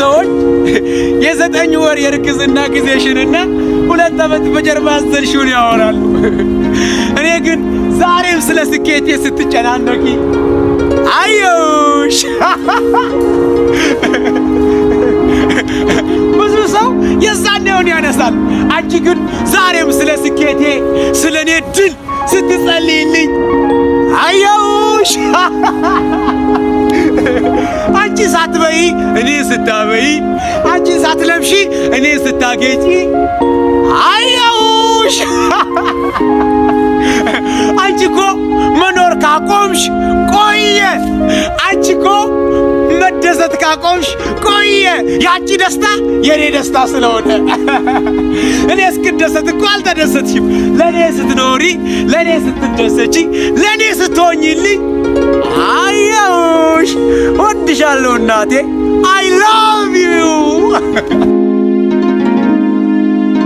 ሰዎች የዘጠኝ ወር የእርግዝና ጊዜሽንና ሁለት ዓመት በጀርባ አዘልሽውን ያወራሉ። እኔ ግን ዛሬም ስለ ስኬቴ ስትጨናነቂ አየውሽ። ብዙ ሰው የዛኔውን ያነሳል። አንቺ ግን ዛሬም ስለ ስኬቴ ስለ እኔ ድል ስትጸልይልኝ አየውሽ። አንቺ ሳትበይ እኔ ስታበይ፣ አንቺ ሳትለብሺ እኔ ስታጌጪ አየውሽ። አንቺ እኮ መኖር ካቆምሽ ቆየ። አንቺ እኮ መደሰት ካቆምሽ ቆየ። ያቺ ደስታ የእኔ ደስታ ስለሆነ እኔ እስክደሰት እኮ አልተደሰትሽም። ለእኔ ስትኖሪ፣ ለእኔ ስትደሰቺ፣ ለእኔ ስትሆኝልኝ కష్టాల్లో ఉన్నది I love